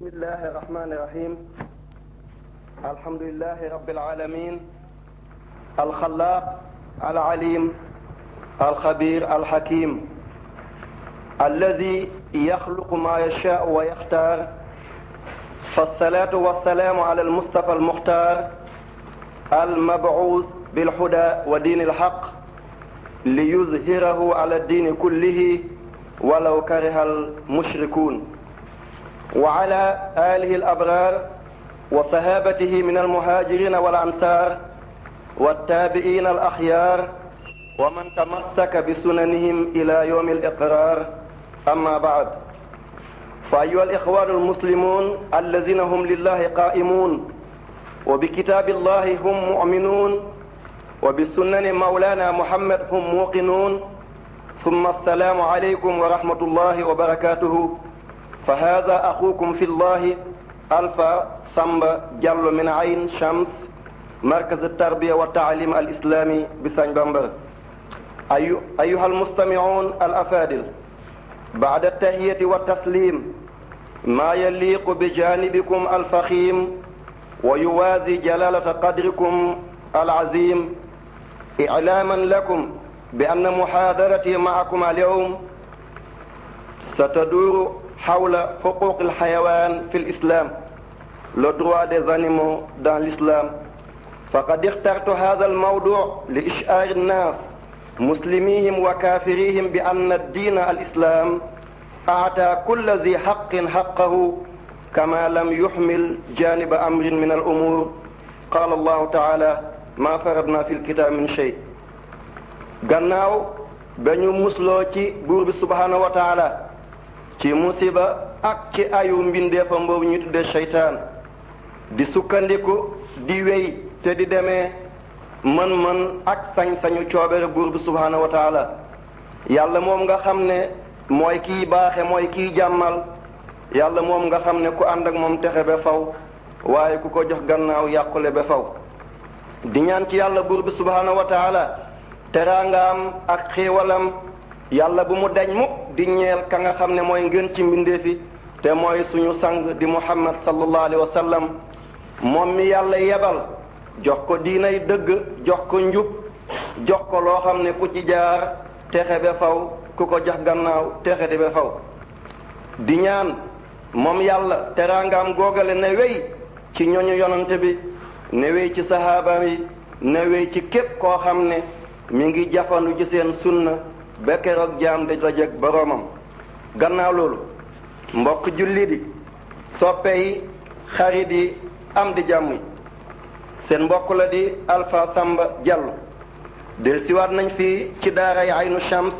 بسم الله الرحمن الرحيم الحمد لله رب العالمين الخلاق العليم الخبير الحكيم الذي يخلق ما يشاء ويختار فالصلاة والسلام على المصطفى المختار المبعوث بالهدى ودين الحق ليظهره على الدين كله ولو كره المشركون وعلى آله الأبرار وصحابته من المهاجرين والأنصار والتابعين الأخيار ومن تمسك بسننهم إلى يوم الإقرار أما بعد فأيها الإخوان المسلمون الذين هم لله قائمون وبكتاب الله هم مؤمنون وبسنن مولانا محمد هم موقنون ثم السلام عليكم ورحمة الله وبركاته fa hada axukum fi llahi alfa samba jàllo min ayn shams markaz tarbiya wa taalim al islami bi sañ bambara ayu ayuha almustamiun al afadil baada tahiyati wa taslim ما يليق بجانبكم الفخيم ويوازي جلالة قدركم العظيم إعلاما لكم بأن محاضرتي معكم اليوم ستدور hawla huquq al-hayawan fi al-islam le droit des animaux dans l'islam faqad ixtartu hadha al-mawdu' li ish'ar an-nas muslimihim wa kafirihim bi anna ad-din al-islam a'ta kulla dhi haqqin haqqahu kama lam yuhmil janib amrin min al-umur qala Allahu ta'ala ma faradna fil kitab min shay gannaaw ba ñu musloo ci buur bi subhanahu wa ta'ala ci musiba ak ci ayu mbindeefam boobu ñu tuddee seytaan di sukkandiku di wéy te di demee mën-mën ak sañ-sañu coobere buur bi subhaanahu wa yàlla moom nga xam ne mooy kiy baaxe mooy kiy jàmmal yàlla moom nga xam ne ku ànd ak moom texe ba faw waaye ku ko jox gannaaw yàqule ba faw di ñaan ci yàlla buur bi subhaanahu wa teraangaam ak xéewalam yàlla bu mu dañ mu di ñeel ka nga xam ne mooy ngën ci mbindeefi te mooy suñu sang di muhammad sallallahu alayhi wa moom mi yàlla yebal jox ko diinay dëgg jox ko njub jox ko loo xam ne ku ci jaar texe ba faw ku ko jox gannaaw texe di ba faw di ñaan moom yàlla teraangaam googale ne wey ci ñooñu yonante bi ne wey ci sahaaba yi ne wey ci képp koo xam ne mu ngi jafandu ci seen sunna ba keroog jaam di dajeeg boroomam gannaaw loolu mbokk jullit yi soppe xarit yi am di jàmm yi seen mbokk la di Alpha Samba Diallo del siwaat nañ fii ci daara yi Aynu Shams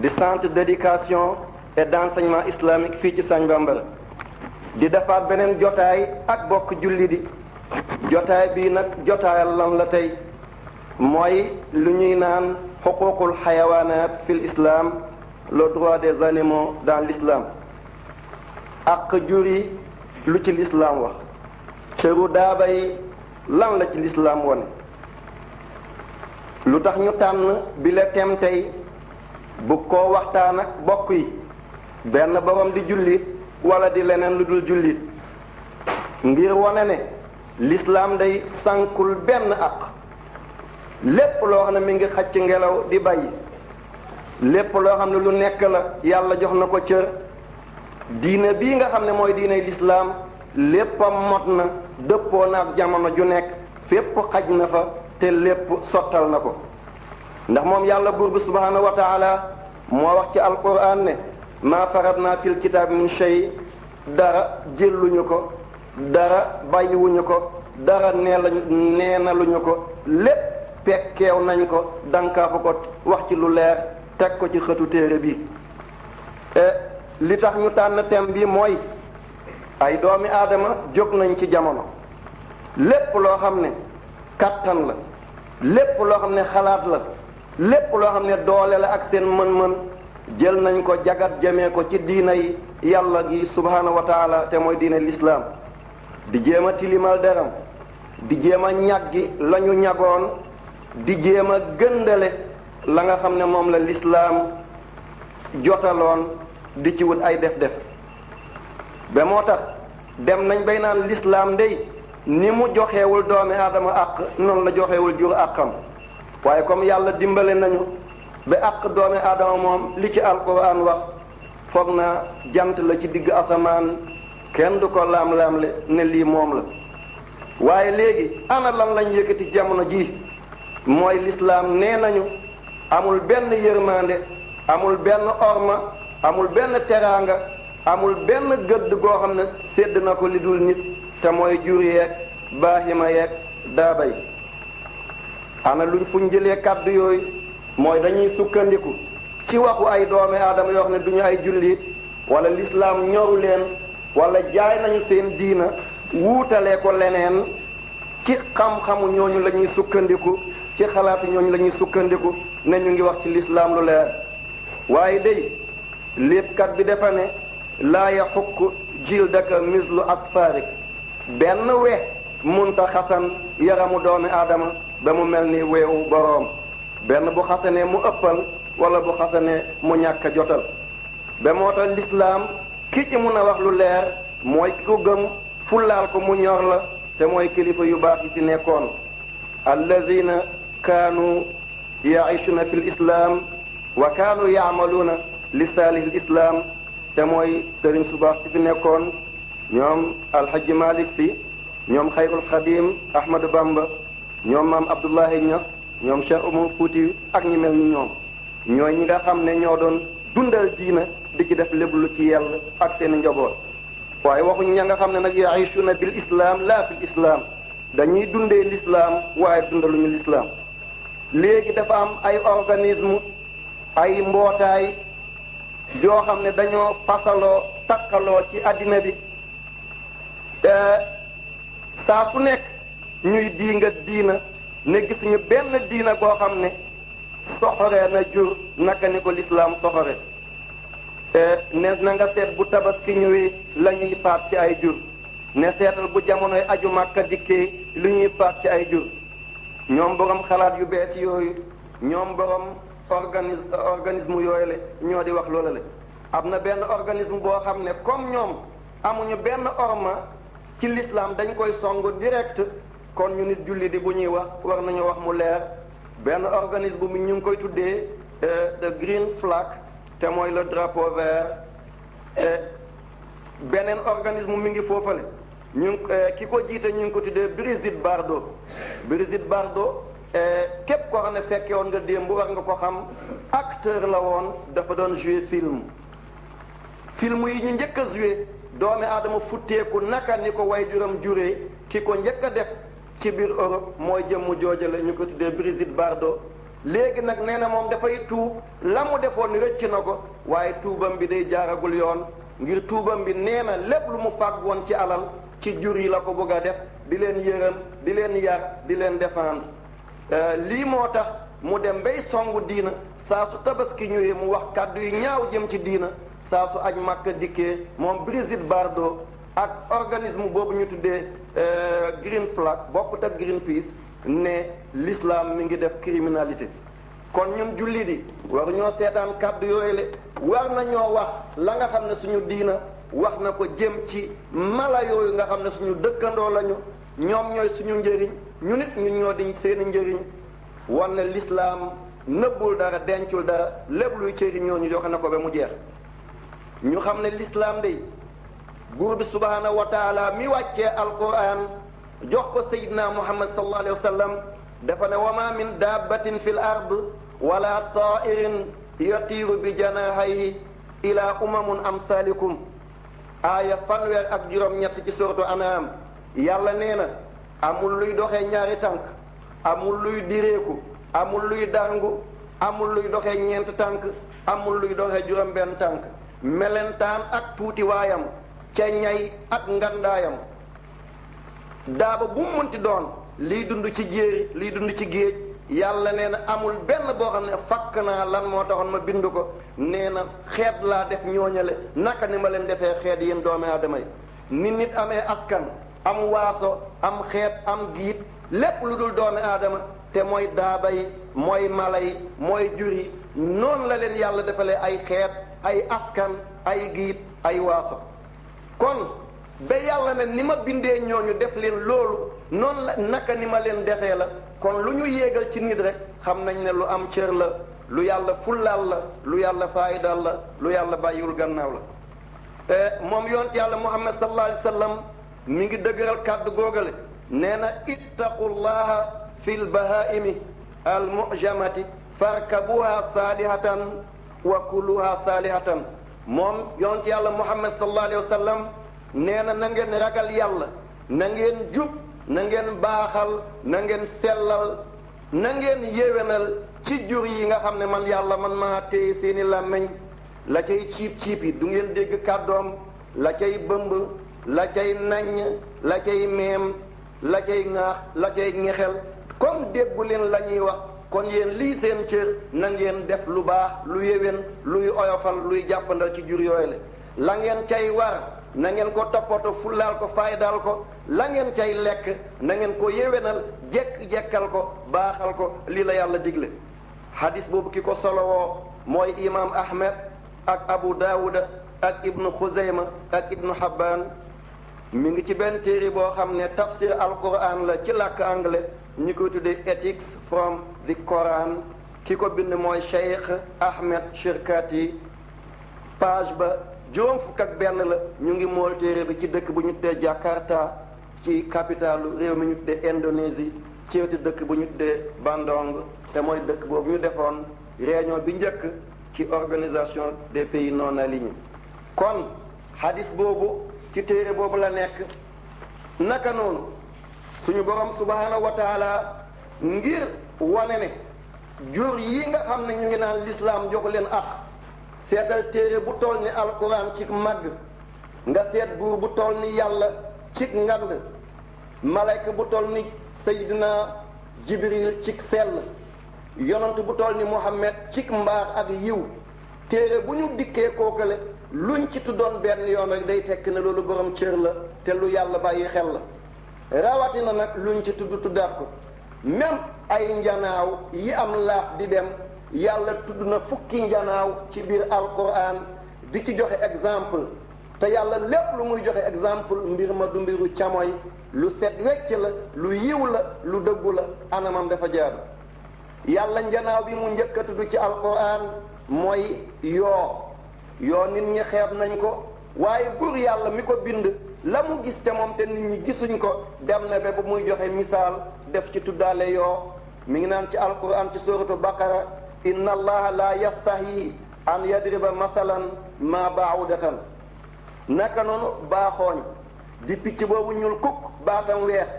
di centre d'éducation et d'enseignement islamique fii ci Sagne Bambara di defaat beneen jotaay ak bokk jullit yi jotaay bii nag jotaayal lan la tey mooy lu ñuy naan xuququl xayawaanaat fi l'islam le droit des animaux dans l'islam ak jur lu ci l'islam wax cëru daaba lan la ci l'islam wone lu tax ñu tànn bi la tem tey bu ko waxtaan ak bokk yi benn borom di jullit wala di leneen lu dul jullit ngir wone ne l'islam day sànkul benn ak lépp loo xam ne mi ngi ci ngelaw di bàyyi lépp loo xam ne lu nekk la yàlla jox na ko cër diine bii nga xam ne mooy diine lislaam léppam mot na dëppoo na ak jamono ju nekk fépp xaj na fa te lépp sottal na ko ndax moom yàlla buur bi subhaanahu wa taala moo wax ci alquran ne maa faratna fil kitaab min shay dara jëlluñu ko dara bàyyiwuñu ko dara nee la nee ko lépp pekkeew nañ ko dankaafu ko wax ci lu leer teg ko ci xëtu téere bi e, li tax ñu tànn thème bi mooy ay doomi aadama jóg nañ ci jamono lépp loo xam ne kàttan la lépp loo xam ne xalaat la lépp loo xam ne doole la ak seen mën-mën jël nañ ko jagat jëmee ko ci diina yàlla gi subhaanahu wa taala te mooy diina lislaam di jéem a tilimal deram di jéem ñaggi la ñagoon di jéem a gëndale la nga xam ne moom la lislaam jotaloon di ci wut ay def-def ba moo tax dem nañ bay naan lislaam ndey ni mu joxewul doomi aadama àq noonu la joxewul jur àqam waaye comme yàlla dimbale nañu ba àq doomi aadama moom li ci alquran wax foog na jant la ci digg asamaan kenn du ko laam-laamle ne lii moom la waaye léegi ana lañu lañ jamono ji mooy lislaam nee nañu amul benn yërmande amul benn orma amul benn teraanga amul benn gëdd goo xam ne sedd na ko li dul nit te mooy jur yeeg baahima yeeg daaba yi ana luñ fuñ jëlee kàddu yooyu mooy dañuy sukkandiku ci waxu ay doomi aadama yoo xam ne duñu ay jullit wala lislaam ñoru leen wala jaay nañu seen diina wuutale ko leneen ci xam-xamu ñooñu la sukkandiku ci xalaati ñooñu lañuy sukkandiku ne ñu ngi wax ci lislaam lu leer waaye day léebkat bi dafa ne laa yaxukk jildaka mislu asfarik benn we munta xasan yaramu doomi aadama ba mu mel ni wewu boroom benn bu xasanee mu ëppal wala bu xasanee mu ñàkk jotal ba moo tax lislaam ki ci mun a wax lu leer mooy ki ko gëm fullaal ko mu ñor la te mooy kilifa yu baax yi ci nekkoon allazina kaanu yaishuuna fi lislaam wa kaanu yaamaluuna li saalih lislaam te mooy sëriñ su baax si nekkoon ñoom ñoom xayrul xadim ahmadu bamba ñoom maam ni ñoom ñooy ñi nga xam ne ñoo doon di ci def lépp lu ci njaboot waaye waxuñ ña nga xam ne nag yaishuuna bil islaam laa fi fil islaam dañuy dundee lislaam waaye dundaluñu lislaam léegi dafa am ay organisme ay mbootaay yoo xam ne dañoo fasaloo takkaloo ci àddina bi saa su nekk ñuy nga diina ne gisuñu benn diina goo xam ne soxore na jur naka ni ko lislaam soxore ne na nga seet bu tabaski ñëwee lañuy ñuy ci ay jur ne seetal bu jamonoy aju màkka dikkee li ñuy faat ci ay jur ñoom borom xalaat yu bees yooyu ñoom borom organi organisme yooyu la ñoo di wax loolu la am na benn organisme boo xam ne comme ñoom amuñu benn orma ci l'islam dañ koy song direct kon ñu nit julli di bu ñuy wax war nañu wax mu leer benn organisme bu ñu ngi koy tuddee euh, the green flag te mooy le drapeau vert euh, beneen organisme mi ngi foofale ñu eh, ki ko jiite ñu ngi ko tuddee Brigitte Bardot Brigitte Bardot eh, képp koo xam ne fekke woon nga démb war nga ko xam acteur la woon dafa doon jouer film film yi ñu njëkk a jouer doomi aadama futteeku naka ni ko way juram juree ki ko njëkk a def ci biir Europe mooy jëmm joojale ñu ko tuddee Brigitte Bardot léegi nag nee na moom dafay tuub la mu defoon rëcc na ko waaye tuubam bi day jaaragul yoon ngir tuubam bi nee na lépp lu mu fàgg woon ci alal ci jur yi la ko bëgg a def di leen yërëm di leen yar di leen défendre euh, lii moo tax mu dem bay songu diina saa su tabaski ñëwee mu wax kàddu yu ñaaw jëm ci diina saa su aj màkka dikkee moom Brigitte Bardot ak organisme boobu ñu tuddee euh, Green Flag bokkut ak Greenpeace ne l'islam mu ngi def criminalité kon ñun jullit yi waru ñoo seetaan kàddu yooyu le war nañoo wax la nga xam ne suñu diina wax na ko jëm ci mala yooyu nga xam ne suñu dëkkandoo lañu ñoom ñooy suñu njëriñ ñu nit ñun ñoo di seeni njëriñ war na lislaam nëbbul dara dencul dara lépp luy cëriñoo ñu joxe na ko ba mu jeex ñu xam ne lislaam day buur bi subhaanahu wa mi wàcce alquran jox ko sayidna muhammad sallallahu alayhi wa sallam dafa ne wa ma min dabbatin ard wala tairin yatiiru bi janaahayhi ila umamun amsalikum aaya fanweer ak juróom-ñett ci sortu anaam yàlla nee na amul luy doxe ñaari tànk amul luy direeku amul luy dàngu amul luy doxe ñeent tànk amul luy doxe juróom-benn tànk melentaan ak tuuti ca ñay ak ngandaayam daaba bu mu munti doon liy dund ci jéeri liy dund ci géej yàlla nee na amul benn boo xam ne fakk naa lan moo taxoon ma bind ko nee na xeet laa def ñooñale naka ni ma leen defee xeet yéen doomi aadama yi ni nit amee askan am waaso am xeet am giit lépp lu dul doomi aadama te mooy daaba yi mooy mala yi mooy jur yi noonu la leen yàlla defalee ay xeet ay askan ay giit ay waaso kon ba yàlla ne ni ma bindee ñooñu def leen loolu noonu la naka ni ma leen defee la kon lu ñu yéegal ci nit rek xam nañ ne lu am cër la lu yàlla fullaal la lu yàlla faayidal la lu yàlla bàyyiwul gannaaw la moom yonent yàlla muhammad sallallahu alayhi wa sallam mi ngi dëgëral kàddu googale nee na ittaqullaha fi lbahaimi almujamati farkabuha saalihatan wa kuluha saalihatan moom yonent yàlla muhammad sallallahu alayhi wa sallam nee na na ngeen ragal yàlla na jub na ngeen baaxal na ngeen sellal na ngeen yéwénal ci jur yi nga xam ne man yàlla man maa téye seeni làmmeñ la cay ciip ciip du ngeen dégg kàddoom la cay bëmb la cay naññ la cay meem la cay ŋaax la cay ñexel comme déggu leen la ñuy wax kon yéen lii seen cër na ngeen def lu baax lu yéwén luy oyofal luy jàppandal ci jur yooyu la la ngeen cay war na ngeen ko toppatoo fullaal ko faydaal ko la ngeen cay lekk na ngeen ko yéwénal jekk-jekkal ko baaxal ko lii la yàlla digle hadis boobu ki ko solowoo mooy imaam ahmed ak abu daawuda ak ibnu xuzayma ak ibnu habbaan mi ngi ci benn téere boo xam ne tafsir alquran la ci làkk anglais ñu koy tudde ethics from the Quran ki ko bind mooy cheikh ahmed shirkati page ba juróom fukk ak benn la ñu ngi mool téere bi ci dëkk bu ñu tuddee Jakarta ci capitalu réew mi ñu tuddee Indonésie ci wetu dëkk bu ñu tuddee Bandung te mooy dëkk boobu ñu defoon réunion bi njëkk ci organisation des pays non alignés kon hadis boobu ci téere boobu la nekk naka noonu suñu borom subhanahu wa ngir wane ne jur yi nga xam ne ñu ngi naan lislaam jox leen ak seetal téere bu toll ni alquran ci màgg nga seet buur bu toll ni yàlla ci ngand malayka bu toll ni sayidina jibril ci sell yonant bu toll ni muhammad ci mbaax ak yiw téere bu ñu dikkee kookale luñ ci tuddoon benn yoon rek day tekk na loolu borom cër la te lu yàlla bàyyi xel la rawatina nag luñ ci tudd tuddaat ko même ay njanaaw yi am laaf di dem yàlla tudd na fukki njanaaw ci biir alquran di ci joxe exemple te yàlla lépp lu muy joxe exemple mbir ma du mbiru camoy lu set wecc la lu yiw la lu dëggu la anamam dafa jaar yàlla njanaaw bi mu njëkk a tudd ci alquran mooy yoo yoo nit ñi xeeb nañ ko waaye buur yàlla mi ko bind la mu gis ca moom te nit ñi gisuñ ko dem na ba muy joxe misaal def ci tuddaale yoo mu ngi naan ci alquran ci suratu baqara inna allaha la yastahi an yadriba masalan ma baawudatan naka noonu baaxooñ di picc boobu ñuul kukk baatam weex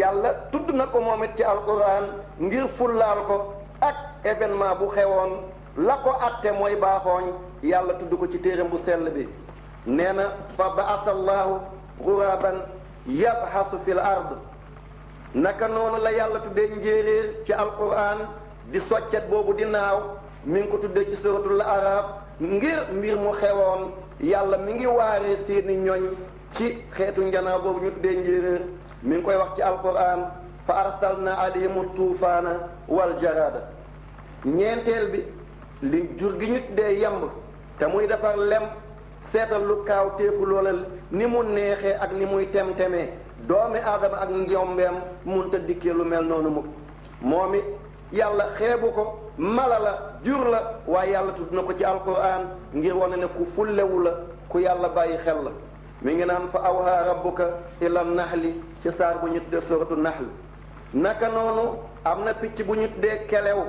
yàlla tudd na ko moom it ci alquran ngir fullaal ko ak événement bu xewoon la ko atte mooy baaxooñ yàlla tudd ko ci téere bu sell bi nee fa baasa allahu guraban yabhasu fil ard naka noonu la yàlla tuddee njéeréer ci alquran di soccet boobu di naaw mi ngi ko tuddee ci suratul arab ngir mbir mu xewoon yàlla mi ngi waaree seeni ñoñ ci xeetu njanaaw boobu ñu tuddee njéeréer mi ngi koy wax ci alquran fa arsalna alayhimu tuufaana wal jarada ñeenteel bi jur gi ñu tuddee yemb te muy defar lem seetal lu kaaw tépp loola ni mu neexee ak ni muy tem-temee doomi aadama ak njombeem mun dikkee lu mel noonu mukk moom it yàlla xeebu ko mala la jur la waaye yàlla tudd na ko ci alquran ngir wane ne ku fullewu la ku yàlla bàyyi xel la mi ngi naan fa awha rabbuka ila nahli ci saar bu ñu tuddee suratu nahl naka noonu am na picc bu ñu tuddee kelew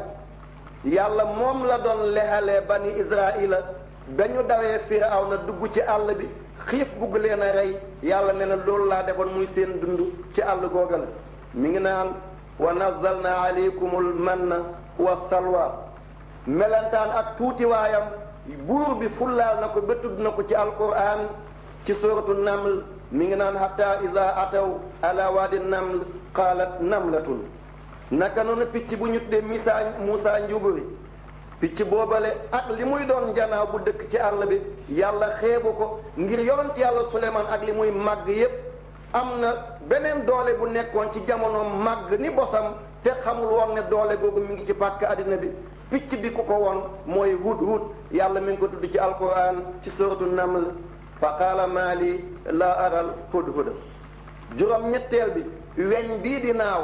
yàlla moom la doon lehalee bani israila dañu dawee aw na dugg ci àll bi xiif bugg leen a rey yàlla ne na loolu laa defoon muy seen dund ci àll googa la mi ngi naan wa nazzalna al manna wa salwa melentaan ak tuuti waayam buur bi fullaal na ko ba na ko ci alquran ci suratu naml mi ngi naan hatta ida ataw ala waadi naml qaalat namlatun naka noonu picc bu ñu tuddee misaa Muusaa njuburi picc boobale ak li muy doon njanaaw bu dëkk ci àll bi yàlla xeebu ko ngir yonent yàlla Suleymaan ak li muy màgg yépp am na beneen doole bu nekkoon ci jamono màgg ni bosam te xamul woon ne doole googu mi ngi ci pàkk àddina bi picc bi ku ko won mooy hud hud yàlla mi ngi ko tudd ci alquran ci suratu naml fa qaala maali aral hud huda juróom ñetteel bi weñ bii di naaw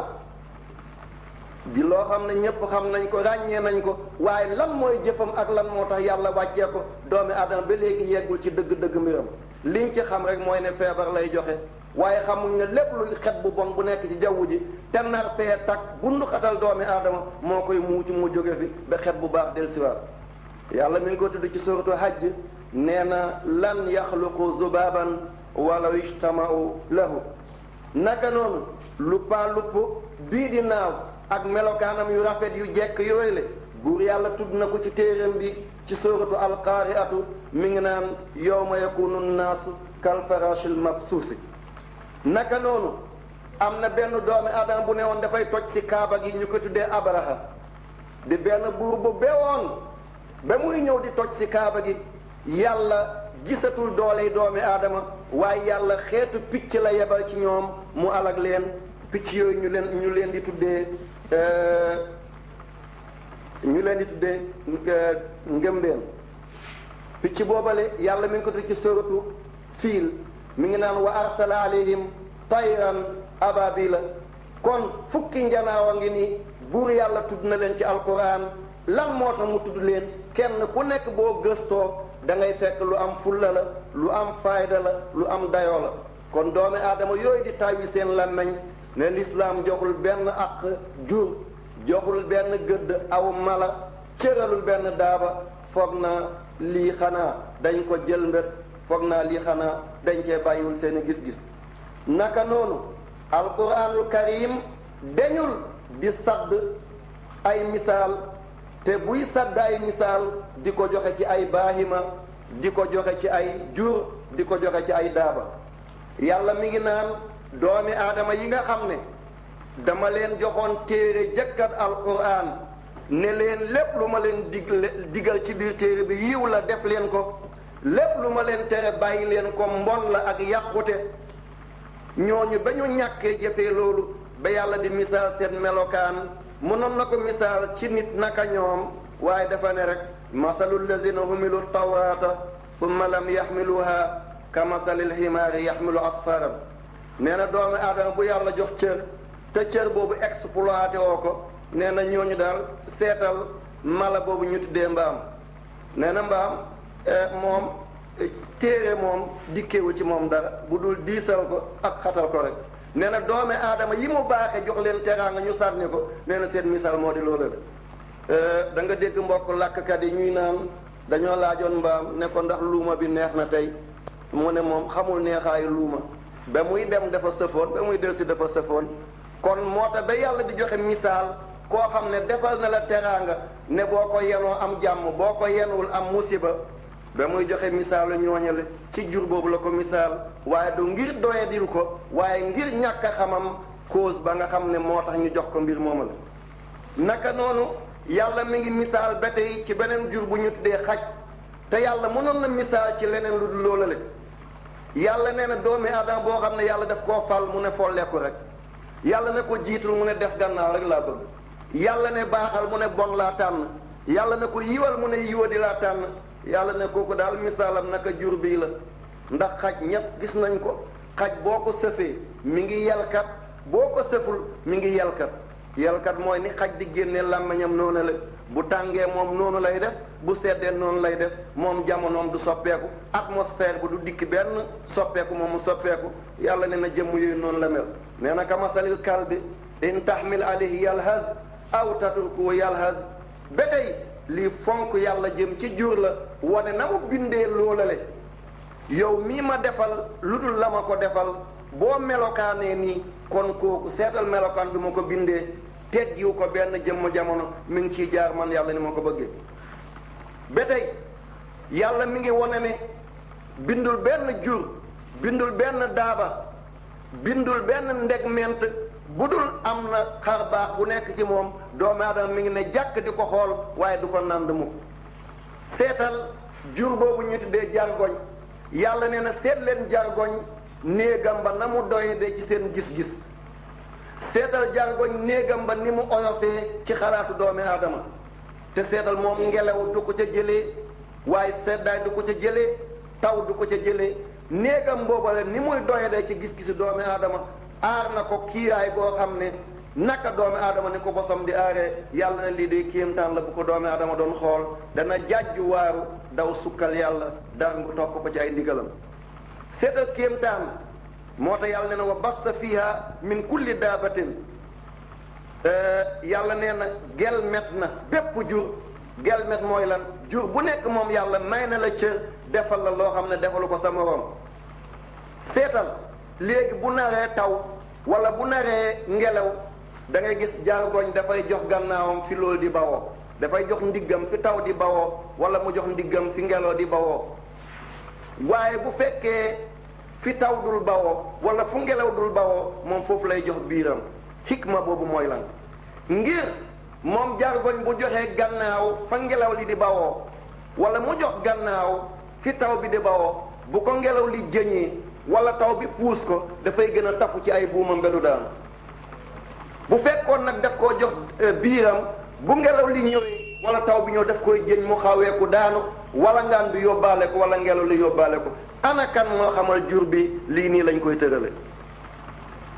bi loo xam ne ñépp xam nañ ko ràññee nañ ko waaye lan mooy jëfam ak lan moo tax yàlla wàccee ko doomi aadama bi léegi yeggul ci dëgg-dëgg mbiram liñ ci xam rek mooy ne feebar lay joxe waaye xamuñ ne lépp lu xet bu bon bu nekk ci jawwu ji te nar see takk bundu xatal doomi aadama moo koy muuc mu jóge fi ba xet bu baax del siwaat yàlla mi ngi ko tudd ci suratu hajj nee na lan yaxluqu zubaban walaw ijtamau lahu naka noonu lu palupp bii di naaw ak melokaanam yu rafet yu jekk yooyu le buur yàlla tudd na ko ci téeram bi ci suratu alqaariatu mi ngi naan yow yawma yakunu nnaasu suuf si naka noonu am na benn doomi Adama bu ne woon dafay toj ci kaaba gi ñu ko tuddee Abraha di benn buur bu bewoon ba muy ñëw di toj ci kaaba gi yàlla gisatul dooley doomi aadama waaye yàlla xeetu picc la yebal ci ñoom mu alag leen picc yooyu ñu leen ñu leen di tuddee euh, ñu leen di tuddee euh, ngëmbeen picc boobale yàlla mi ngi ko tudd ci sóoratu fiil mi ngi naan wa arsala alayhim tayran ababila kon fukki a ngi ni buur yàlla tudd na leen ci alquran lan moo tax mu tudd leen kenn ku nekk boo gëstoo da ngay fekk lu am fulla la lu am fayda la lu am dayoo la kon doomi aadama yooyu di tàyyi seen làmmeñ ne lislaam joxul benn ak jur joxul benn gëdd aw mala cëralul benn daaba foog na lii xanaa dañ ko jël mbét foog naa lii xanaa dañ bàyyiwul seen i gis-gis naka noonu alquranul karim dañul di sadd ay misaal te buy sadd ay misaal di ko joxe ci ay baahima di ko joxe ci ay jur di ko joxe ci ay daaba yàlla mi ngi naan doomi aadama yi nga xam ne dama leen joxoon téere jëkkat alquran ne leen lépp lu ma leen digle digal ci biir téere bi yiw la def leen ko lépp lu ma leen tere bàyyi leen ko mbon la ak yàqute ñooñu ba ñu ñàkkee jëfee loolu ba yàlla di misaal seen melokaan mënoon na ko misaal ci nit naka ñoom waaye dafa ne rek masalu allazina humilu tawraata summa lam yaxmiluha ka masalil ximaari yaxmilu asfaram nee na doomu aadama bu yàlla jox cër te cër boobu exploité woo ko nee na ñooñu daal seetal mala boobu ñu tuddee mbaam nee mbaam Eh, moom eh, téere moom dikkeewul ci moom dara bu dul diisal ko ak xatal ko rek nee na doome aadama yi mu baaxe jox leen teraanga ñu sànni ko nee na seen misaal moo di loola la eh, da nga dégg mbokk làkkkat yi ñuy naan dañoo laajoon mbaam ne ko ndax luuma bi neex na tey mu ne moom xamul neexaayu luuma ba muy dem dafa sëfoon ba muy delsi dafa sëfoon kon moo tax ba yàlla di joxe misaal koo xam ne defal na la teraanga ne boo ko yenoo am jàmm boo ko yenuwul am musiba ba muy joxe misaalu ñooñale ci jur boobu la ko misaal waaye du ngir doyadil ko waaye ngir ñàkk a xamam cause ba nga xam ne moo tax ñu jox ko mbir mooma la naka noonu yàlla mi ngi misaal ba tey ci beneen jur bu ñu tuddee xaj te yàlla mënoon na misaal ci leneen lu dul loolale yàlla nee na doomi aadama boo xam ne yàlla daf koo fal mu ne folleeku rek yàlla ne ko jiitul mu ne def gannaaw rek laa bëgg yàlla ne baaxal mu ne bon laa tànn yàlla ne ko yiwal mu ne yiwa di laa yàlla ne kooku daal misaalam naka jur bii la ndax xaj ñépp gis nañ ko xaj boo ko sëfee mi ngi yelkat boo ko sëful mi ngi yelkat yelkat mooy ni xaj di génne làmmiñam noonu la bu tàngee moom noonu lay def bu seddee noonu lay def moom jamonoom du soppeeku atmosphère bu du dikk benn soppeeku moom mu soppeeku yàlla ne na jëmm yooyu noonu la mel nee na kamasalil kalbi in tahmil alayhi yalhaz aw tatruku yalhaz ba tey lii fonk yàlla jëm ci jur la wane na mu bindee loolale yow mii ma defal lu dul la ma ko defal boo melokaanee nii kon kooku seetal melokaan bi ma ko bindee yi ko benn jëmm jamono mi ngi ciy jaar man yàlla ni ma ko bëggee ba tey yàlla mi ngi wane ne bindul benn jur bindul benn daaba bindul benn ndegment bu dul am na xar baax bu nekk ci moom doomu aadama mi ngi ne jàkk di ko xool waaye du ko nand mu seetal jur boobu ñu tuddee jargoñ yàlla nee na seet leen jargoñ néegam ba na mu doy de ci seen gis-gis seetal jargoñ néegam ba ni mu oyofee ci xalaatu doomi aadama te seetal moom ngelaw du ko ca jëlee waaye seddaay du ko ca jëlee taw du ko ca jëlee néegam booba la ni muy doy de ci gis-gisu doomu aadama aar na ko kiiraay goo xam ne naka doomi aadama ni ko bosam di aaree yàlla na lii de kéemtaan la bu ko doomi aadama doon xool dana jàjju waaru daw sukkal yàlla dara ngu topp ko ci ay ndigalam seetal kéemtaan moo tax yàlla nee na wa basta fiha min kulli daabatin eh, yàlla nee na gelmet na bépp jur gelmet mooy lan jur bu nekk moom yàlla may na la cër defal la loo xam ne defalu ko sa moroom seetal léegi bu naree taw wala bu naree ngelaw dangay ngay gis jargoñ dafay jox gànnaawam fi loolu di bawoo dafay jox ndiggam fi taw di bawoo wala mu jox ndiggam fi ngelaw di bawoo waaye bu fekkee fi taw dul bawoo wala fu ngelaw dul bawoo moom foofu lay jox biiram xikma boobu mooy lan ngir moom jaar goñ bu joxee gànnaaw fa ngelaw li di bawoo wala mu jox gànnaaw fi taw bi di bawoo bu ko ngelaw li jëñee wala taw bi puus ko dafay gën a takku ci ay buumam ba du daanu bu fekkoon nag daf koo jox euh, biiram bu ngelaw li ñëwee wala taw bi ñëw daf koy jëñ mu xaweeku daanu wala ngaan bi yóbbaale ko wala ngelaw li yóbbaale ko ana kan moo xamal jur bi lii nii lañ koy tërale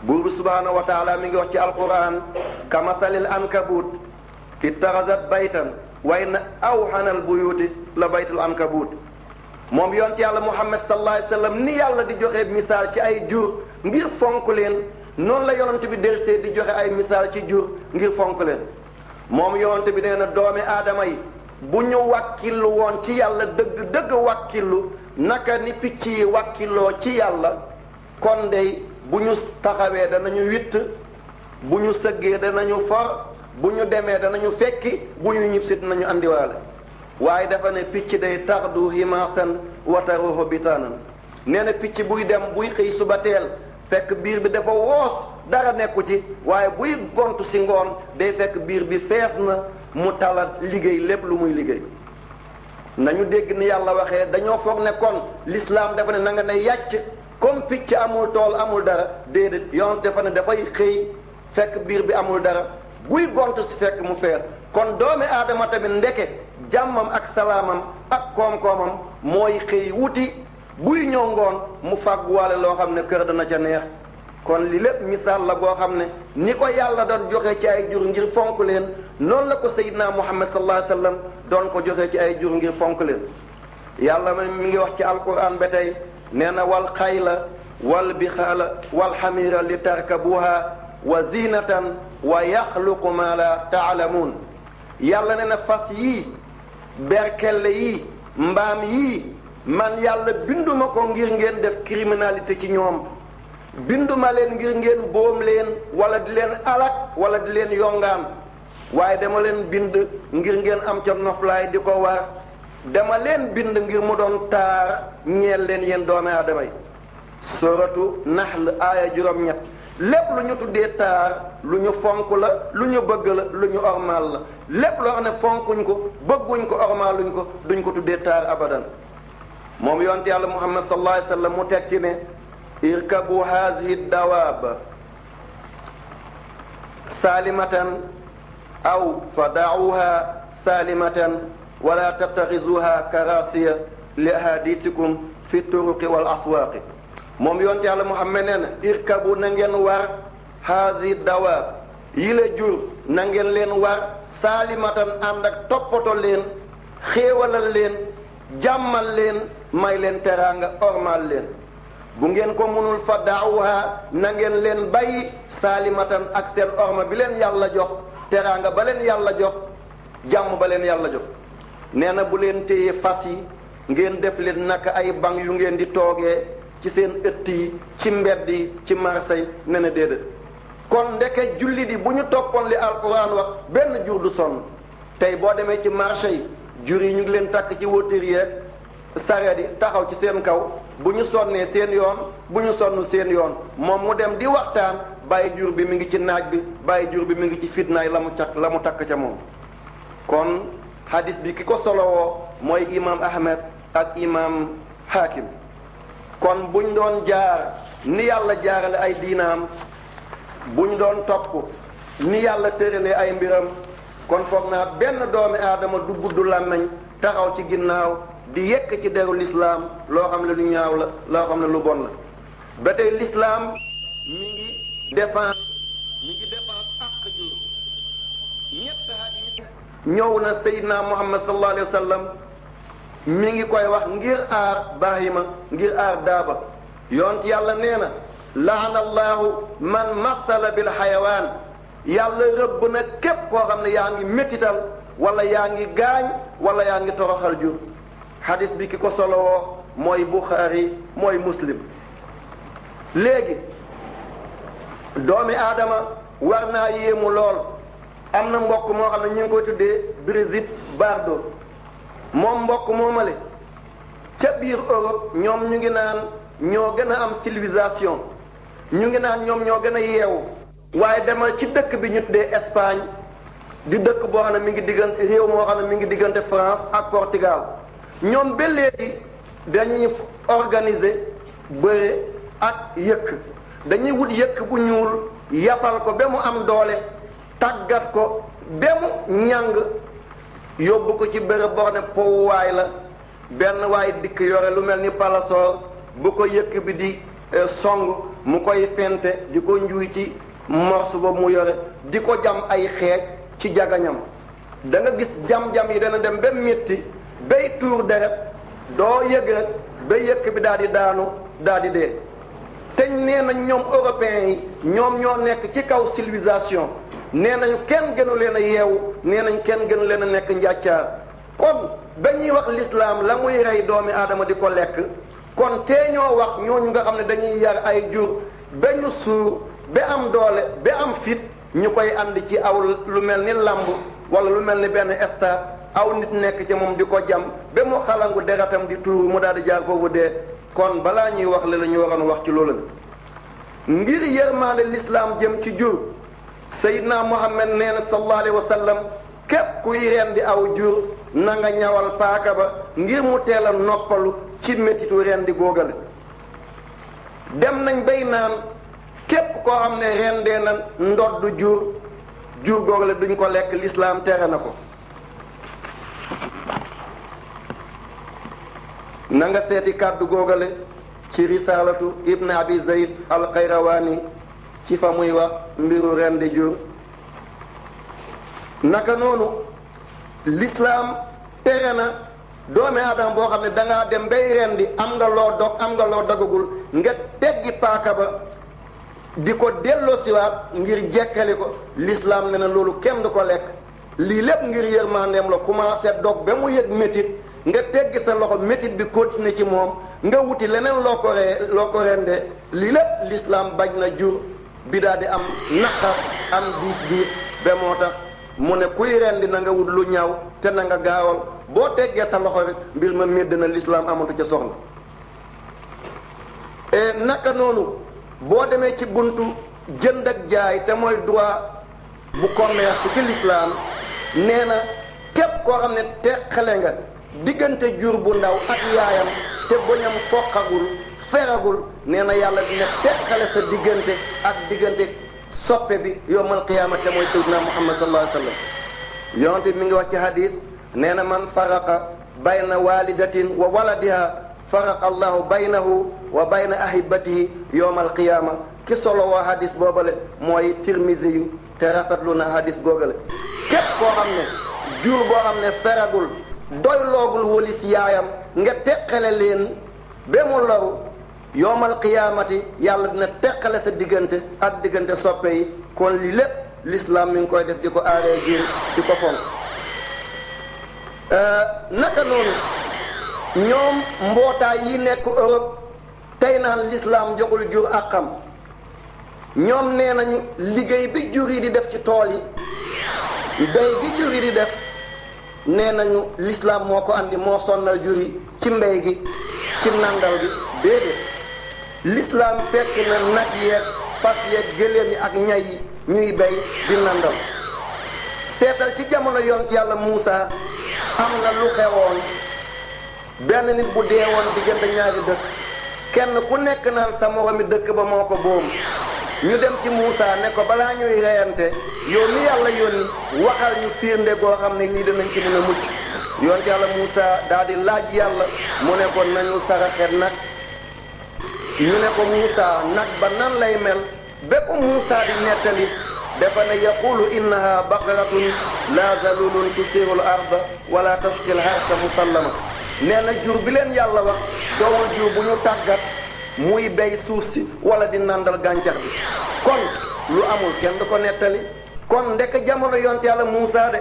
buur bi subhaanahu wa ngi wax ci alquran ka masalil ankabut ittaxasat baytan wa inna awxanal buyuti la baytul ankabut moom yonent yàlla muhammad sallallahu alayhi wa sallam ni yàlla di joxe misaal ci ay jur ngir fonk leen noonu la yonent bi delsee di joxe ay misaal ci jur ngir fonk leen moom yonent bi nee na doomi aadama yi bu ñu wàkkillu woon ci yàlla dëgg dëgg wàkkillu naka ni picc yi wàkkilloo ci yàlla kon dey bu ñu taxawee danañu witt bu ñu sëggee danañu for bu ñu demee danañu fekki bu ñu ñibbisi nañu andiwaale waaye dafa ne picc day tardu himaasan wa taruhu bitaanan nee na picc buy dem buy xëy suba teel fekk biir bi dafa woos dara nekku ci waaye buy gont si ngoon day fekk biir bi fees na mu tala liggéey lépp lu muy liggéey nañu dégg ni yàlla waxee dañoo foog nekkoon lislaam dafa ne na ne yàcc comme picc amul tool amul dara déedéet yoon dafa ne dafay xëy fekk biir bi amul dara buy gont ci fekk mu fees kon doomi aadama tamit ndeke jàmmam ak salaamam ak koom-koomam mooy xëy wuti buy ñëw ngoon mu fàgguwaale loo xam ne kër dana ca neex kon li lépp misaal la goo xam ne ni ko yàlla doon joxe ci ay jur ngir fonk leen noonu la ko sayidna muhammad sallallahu alayhi wa sallam doon ko joxe ci ay jur ngir fonk leen yàlla mi ngi wax ci alquran ba tey nee na wal xayla wal bixaala wal xamira li tarkabuha wa zinatan wa yaxluqu ma la taalamuun yàlla ne na fas yii berkelle yii mbaam yii man yàlla binduma ko ngir ngeen def criminalité ci ñoom binduma leen ngir ngeen boom leen wala di leen alak wala di leen yongaan waaye dama leen bind ngir ngeen am ca noflaay di ko war dama leen bind ngir mu doon taar ñeel leen yéen doomi aadama yi suratu nahl aaya juróom-ñett lépp lu ñu tuddee taar lu ñu fonk la lu ñu bëgg la lu ñu ormaal la lépp loo xam ne fonkuñ ko bëgguñ ko ormaaluñ ko duñ ko tuddee taar abadan moom yonte yàlla muhammad sallallahu alayhi wa mu teg ci ne irkabu haadihi dawaab saalimatan aw fadaauha saalimatan wala tattaxizuha karasiya li ahadisikum fi turuqi wal aswaaqi moom yonte yàlla Muhammad nee na irkabu na ngeen war haasi dawaab yi jur nangeen leen war saalimatan ànd ak toppatoo leen xéewalal leen jàmmal leen may leen teraanga ormal leen bu ngeen ko mënul fa daawuha na ngeen leen bàyyi saalimatan ak seen orma bi leen yàlla jox teraanga ba leen yàlla jox jàmm ba leen yàlla jox nee na bu leen téye fas yi ngeen def leen naka ay banc yu ngeen di toogee ci seen ëtt yi ci mbedd yi ci marché yi ne na déedéet kon ndeke jullit yi bu ñu toppoon li alquran wax benn jur du sonn tey boo demee ci marché yi jur yi ñu ngi leen takk ci wóotir yeeg sareet yi taxaw ci seen kaw bu ñu sonnee seen yoon bu ñu sonn seen yoon moom mu dem di waxtaan bàyyi jur bi mi ngi ci naaj bi bàyyi jur bi mi ngi ci fitnaay la mu ca la mu takk ca moom kon hadis bi ki ko solowoo mooy imam ahmed ak imam hakim kon buñ doon jaar ni yàlla jaarale ay diinaam buñ doon topp ni yàlla tëralee ay mbiram kon foog naa benn doomi aadama du gudd làmmeñ taxaw ci ginnaaw di yekk ci deru lislaam loo xam ne lu ñaaw la loo xam ne lu bon la ba tey lislaam mi ngi défense mi ngi défense ak jur ñett ñëw na Seydina Muhammad sallallahu alayhi wa mi ngi koy wax ngir aar Bahima ngir aar daaba yont yàlla nee na laana allahu man massala bil xayawaan yàlla rëbb na képp ko xam ne yaa ngi métital wala yaa ngi gaañ wala yaa ngi toroxal jur xadis bi ki ko solowoo mooy buxaari mooy muslim léegi doomi aadama war naa yéemu lool am na mbokk moo xam ne ñu ngi koy tuddee Brigitte Bardot moom mbokk moomale ca biir Europe ñoom ñu ngi naan ñoo gën a am civilisation ñu ngi naan ñoom ñoo gën a yeewu waaye demal ci dëkk bi ñu tuddee Espagne di dëkk boo xam ne mu ngi diggante réew moo xam ne mu ngi diggante France ak Portugal ñoom ba léegi dañuy organiser bëre ak yëkk dañuy wut yëkk bu ñuul yafal ko ba mu am doole tàggat ko ba mu ñàng yóbbu ko ci bërëb boo xam ne powuwaay la benn waay dikk yore lu mel ni palasoor bu ko yëkk bi di eh, song mu koy fente di ko njuuy ci morsu ba mu yore di ko jam ay xeej ci jagañam da gis jam-jam yi dana dem ba métti bay tuur deret doo yëg rek ba yëkk bi daal di daanu daal di dee teñ nee na ñoom européens yi ñoom ñoo nekk ci kaw civilisation nee nañu kenn gënu leen a yeewu nee nañ kenn gënu leen a nekk njàccaar kon ba ñuy wax lislaam la muy rey doomi aadama di ko lekk kon tee ñoo wax ñooñu nga xam ne dañuy yar ay jur ba ñu suur ba am doole ba am fit ñu koy ànd ci aw lu mel ni làmb wala lu mel ni benn star aw nit nekk ci moom di ko jam ba mu xalangu deratam di tuuru mu daal di jaar foofu dee kon balaa ñuy wax la la ñu waroon wax ci loolu ngir yërmaande lislaam jëm ci jur Seydina na sallallahu alayhi wa sallam képp kuy rendi aw jur na ñawal paaka ba ngir mu teel noppalu ci métitu rendi góogale dem nañ bay naan képp koo am ne rendee na ndodd jur jur góogale duñ ko lekk lislaam tere na ko nanga nga seeti kàddu góogale ci risalatu ibn abi zayd al qayrawani ci fa muy wax mbiru ren di jur naka noonu lislaam tere na doomi aadama boo xam ne da dem bay ren di am nga loo dog am nga loo dogagul nga teggi paaka ba di ko delloosiwaat ngir jekkali ko lislaam ne na loolu kenn du ko lekk lii lépp ngir yërmandeem la commencé dog ba mu yëg métit nga teggi sa loxo métit bi continuer ci moom nga wuti leneen loo ko ree loo ko rendee lii lépp lislaam bañ na jur bidaa di am naqar am diis diis ba moo tax mu ne kuy rendi na nga wut lu ñaaw te na nga gaawal boo teggee sa loxo rek mbir ma medd na lislaam amatu ca soxla e noonu boo demee ci buntu jënd ak jaay te mooy droit bu commerce ci lislaam nee na képp koo xam ne teqale nga diggante jur bu ndaw ak yaayam te boñam foqagul feragul nee na yàlla dina teqale sa diggante ak diggante soppe bi yowmal qiyaama te mooy sayyidina muhammad sallallahu wa sallam yonente mi ngi wax ci hadis nee na man faraqa bayna walidatin wa waladiha faraqa allahu baynahu wa bayna ahibatihi yowmal qiyaama ki solo waa boobale mooy tirmisi yu te rafetlu na hadis googale képp koo ne jur boo xam ne feragul doy loogul yaayam nga teqale leen ba mu yowmal qiyaamati yàlla dina teqale sa diggante ak diggante soppe yi kon lii lépp lislaam mi ngi koy def di ko aaree jiir di ko fonk euh, naka noonu ñoom mbootaay yi nekk Europe tey naan l'islam joxul jur àqam ñoom nee nañu liggéey bi jur yi di def ci tool yi bay gi jur yi di def nee nañu l'islam moo ko andi moo sonnal jur ci mbéy gi ci nandal gi déedéet l'islam fekk na nag yeeg fas yeeg gëléem yi ak ñay yi ñuy bay di nandal seetal ci jamono yonent yàlla Muusa am na lu xewoon benn nit bu dee woon diggante ñaari dëkk kenn ku nekk naan sa moromi dëkk ba moo ko boom ñu dem ci Muusa ne ko balaa ñuy reyante yow mi yàlla yónni waxal ñu firnde goo xam ne lii danañ ci mën a yàlla Muusa daal laaj yàlla mu ne ko nañu saraxet nag ñu ne ko Moussa nag ba nan lay mel ba ko Moussa di nettali dafa ne yaqulu innaha baqaratun la zalulun tusiru l arda wala tasqi l harsa musallama nee na jur bi leen yàlla wax doomul jur bu ñu tàggat muy bey suuf si wala di nandal gàncax bi kon lu amul kenn du ko nettali kon ndekk jamono yonte yàlla Moussa de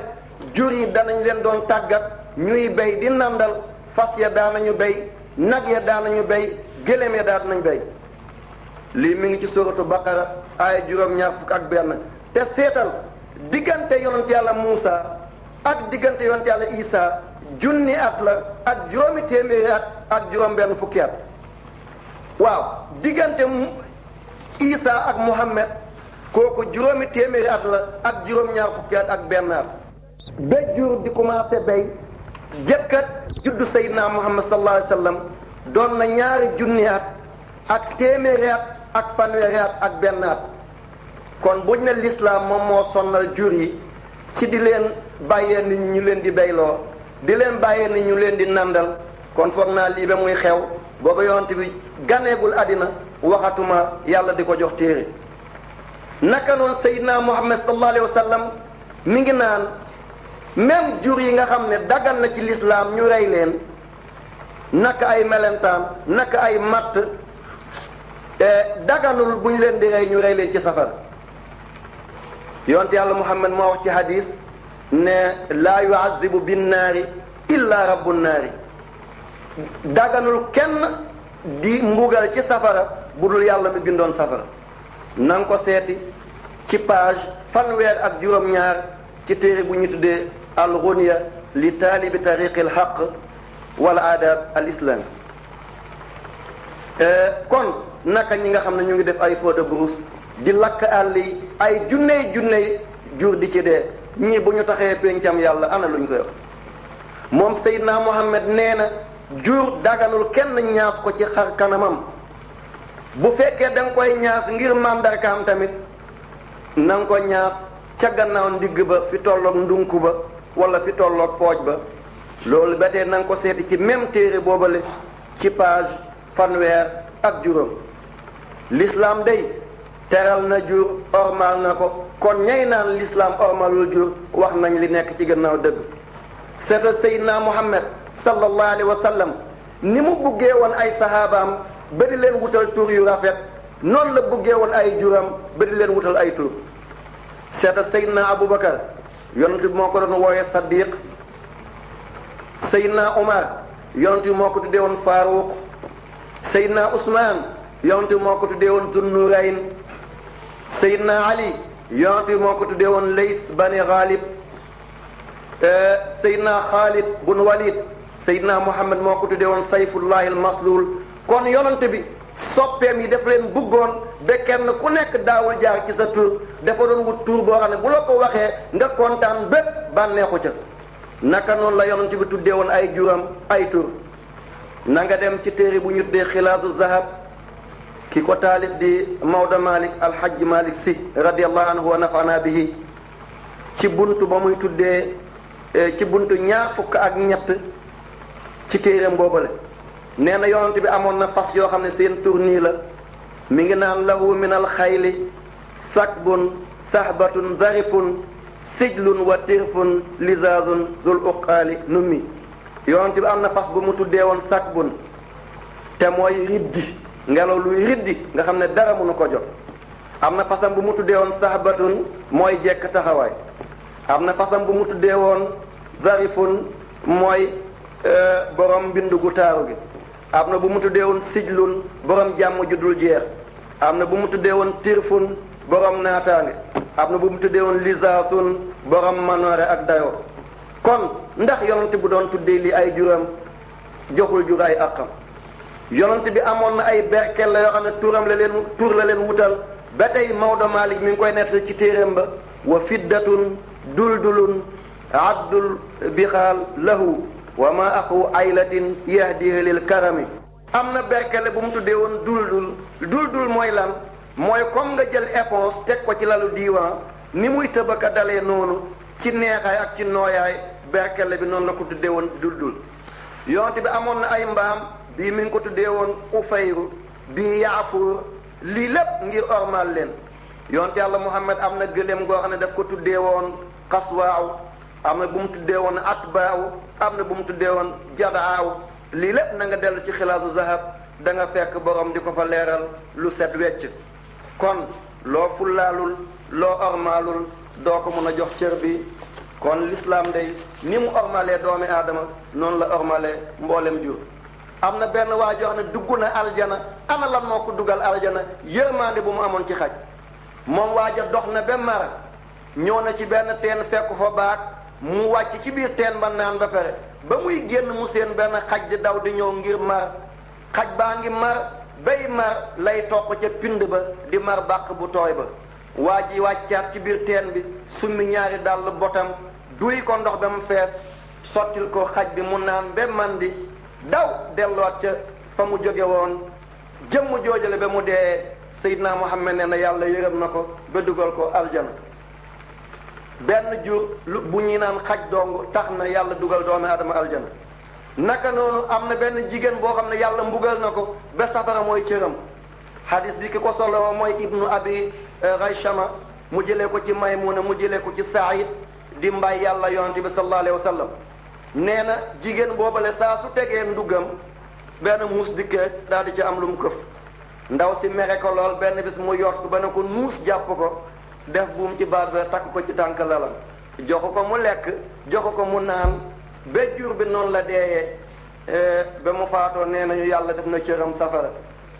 jur yi danañ leen doon tàggat ñuy bey di nandal fas ya daanañu bey nag ya daanañu bey gëléem ya daat nañ bay lii mi ngi ci suratu baqara aaya juróom-ñaar fukk ak benn te seetal diggante yonent yàlla Muusa ak diggante yonent yàlla Isa junni at la ak juróomi téeméeri at ak juróom benn fukki at waaw diggante Isa ak Muhammad kooku juróomi téeméeri at la ak juróom-ñaar fukki at ak benn at ba jur di commencé bay jëkkat juddu Seydina Muhammad sallallahu alayhi doon na ñaari junni ak téeméeri ak fanweeri ak bennaat kon buñ na lislaam moom moo sonnal jur yi ci di leen bàyyee nit ñu leen di bayloo di leen bàyyee nañu leen di nandal kon foog naa lii ba muy xew booba yonent bi ganeegul àddina waxatuma yàlla di ko jox téere naka noon noonu na Muhammad sallallahu alayhi wa sallam mi ngi naan même jur yi nga xam ne daggal na ci lislaam ñu rey leen naka ay melentaan naka ay matt daganul bu ñu leen di rey ñu rey leen ci safara yonte yàlla muhammad moo wax ci hadis ne laa yuazibu binnaari illa rabbu naari daganul kenn di mbugal ci safara bu dul yàlla mi bindoon safara na ko seeti ci page fanweer ak juróom-ñaar ci téere bu ñu tuddee al-Ghunya li taalibi tariqil haqq wala aadab al islami eh, kon naka ñi nga xam ne ñu ngi def ay feu de di lakk àll yi ay junney junney jur di ci dee ñii bu ñu taxee pencam yàlla ana luñ koy wax moom Seydina Muhammad nee na jur daganul kenn ñaas ko ci xar kanamam bu fekkee da koy ñaas ngir màndarkaam tamit na ko ñaas ca gannaaw ndigg ba fi tolloog ndunk ba walla fi tollook pooj ba loolu ba tey ko seeti ci même téere boobale ci page fanweer ak juróom lislaam day teral na jur ormal na ko kon ñay naan lislaam ormalul jur wax nañ li nekk ci gannaaw dëgg seeta na Muhammad sallallahu alayhi wa sallam ni mu buggee woon ay sahabaam ba di leen wutal tur yu rafet noonu la buggee woon ay juram ba di leen wutal ay tur seetal Seydina Aboubacar yonent bi moo ko doon wooyee Saddiq Seydina Omar yonent bi moo ko tuddee woon Faaruq Seydina Ousmane yonent bi moo ko tuddee woon Zunnurayn Seydina Ali yonent bi moo ko tuddee woon Lays bani Ghalib eh, Seydina Khalid bun Walid Seydina Muhammad moo ko tuddee woon Sayfullahi al kon yonent bi soppeem yi daf leen bëggoon ba kenn ku nekk daawul jaar ci sa tur dafa doon wut tur boo xam ne bu la ko waxee nga kontaan bépp bànneexu ca naka noonu la yonent bi tuddee woon ay juram ay tur na nga dem ci téere bu ñu tuddee xilaasu zahab ki ko taalif di Maodo malik alhajj Malick si radiallahu anhu wa nafaana bihi ci buntu ba muy tuddee eh, ci bunt ñaar fukk ak ñett ci téereem boobale nee na yonent bi amoon na fas yoo xam ne seen tur nii la mi ngi naan lahu min alxayli sakbun sahbatun zarifun sijlun wa tirfun lizaazun zul uqaali nummi yonent bi am na fas bu mu dee woon sakbun te mooy riddi ngelaw luy riddi nga xam ne dara mënu ko jot am na fasam bu mu tuddee woon sahbatun mooy jekk taxawaay am na fasam bu mu tuddee woon zarifun mooy euh, borom mbindu gu taaru gi am na bu mu dee woon sijlun borom jàmm ju jeer am na bu mu tuddee woon tirfun borom naataange am na bu mu tuddee woon lisaasun borom manoore ak dayoo kon ndax yonent bu doon tuddee li ay juram joxul jur ay àqam yonent bi amoon na ay berkel la yoo xam ne turam la leen tur la leen wutal ba tey Maodo Malick mi koy nettali ci téeréem ba wa fiddatun duldulun abdul bixaal lahu wa ma axu aylatin yahdihi lil karami am na berkele bu mu tuddee woon duldul duldul mooy lan mooy comme nga jël éponge teg ko ci lalu diiwaan ni muy tëbaka dalee noonu ci neexaay ak ci nooyaay berkelle bi noonu la ko tuddee woon dul duldul yonte bi amoon na ay mbaam bii mi ngi ko tuddee woon ufayru bii yaafuur lii lépp ngir ormal leen yonte yàlla muhammad am na gëléem goo xam ne daf ko tuddee woon xaswaaw am na bu mu tuddee woon atbaaw am na bu mu tuddee woon jadaaw lii lépp na nga dellu ci xilaasu zahab da nga fekk borom di ko fa leeral lu set wecc kon loo fullaalul loo ormaalul doo ko mën a jox cër bi kon lislaam day ni mu ormalee doomi aadama noonu la ormalee mboolem jur am na benn waa joo xam ne dugg na aljana ana moo ko dugal aljana yërmaande bu mu amoon ci xaj moom waaja dox na ba mara ñëw na ci benn teen fekk fa baag mu wàcc ci biir teen ba naan ba pare ba muy génn mu seen benn xaj di daw di ñëw ngir mar xaj baa ngi mar bay mar lay toq ca pind ba di mar bàq bu tooy ba waa ji wàccaat ci biir teen bi summi ñaari dàll botam duy ko ndox ba mu fees sottil ko xaj bi mu naan ba mandi daw delloot ca fa mu jóge woon jëmm joojale ba mu dee Seydina Muhammad ne na yàlla yërëm na ko ba dugal ko aljana benn jur bu ñuy naan xaj dong tax na yàlla dugal doomi aadama aljana naka noonu am na benn jigéen boo xam ne yàlla mbugal na ko ba safara mooy cëram hadis bi ki ko solo mooy ibnu abi eh, rayshama mu jëlee ko ci maymuna mu jëlee ko ci saïd di mbay yàlla yonente bi sallallahu alayhi wa sallam nee na jigéen boobale saa su tegee nduggam benn muus dikkee daal di ci am lu mu këf ndaw si mere ko benn bis mu yort ba ne ko nuus jàpp ko def buum ci baat ba takk ko ci tànk lalam jox ko mu lekk jox ko mu naan ba jur bi noonu la deeyee eh, ba mu faatoo nee nañu yàlla def na cëram safara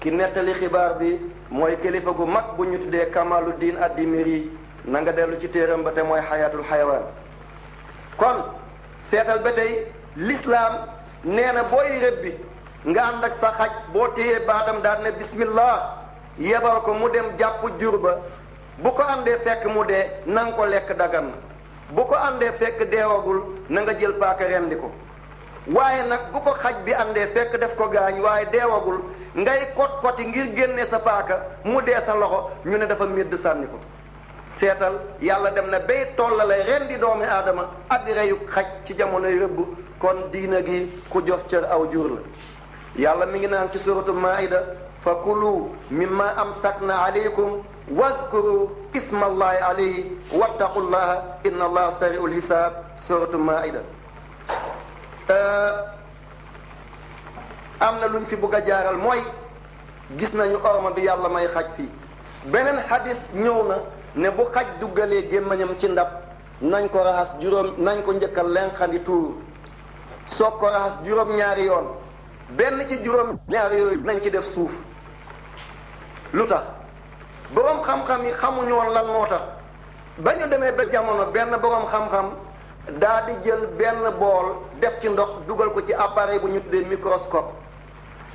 ki nettali xibaar bi mooy kilifa gu mag bu ñu tuddee Kamaluddin Addimiri na nga dellu ci téeram ba te mooy xayatul xayawaan kon seetal ba tey lislaam nee na booy rëbbi nga ànd ak sa xaj boo téyee baatam daal ne bismillah yebal ko mu dem jàpp jur ba bu ko àndee fekk mu dee na nga ko lekk dagan bu ko àndee fekk deewagul na nga jël paaka rendi ko waaye nag bu ko xaj bi àndee fekk def ko gaañ waaye deewagul ngay kot koti ngir génne sa paaka mu dee sa loxo ñu ne dafa médd sànni ko seetal yàlla dem na bay tollale ren di doomi aadama ak reyu xaj ci jamonoy rëbb kon diina gi ku jox cër aw jur la yàlla mi ngi naan ci suratu maida fa kulu mimma amsakna aleykum واذكروا اسم الله عليه واتقوا الله إن الله سريع الحساب سورة am na lu ñu fi bëgg jaaral mooy gis nañu orma bi yàlla may xaj fii beneen xadis ñëw na ne bu xaj duggalee gémmañam ci ndab nañ ko raxas juróom nañ ko njëkkal lenqandi tuuru soog ko raxas juróom-ñaari yoon benn ci juróom-ñaari yooyu nañ ci def suuf lu tax borom xam-xam yi xamuñu woon lan moo tax ba ñu demee ba jamono benn borom xam-xam daa di jël benn bool def ci ndox dugal ko ci appareil bu ñu tuddee microscope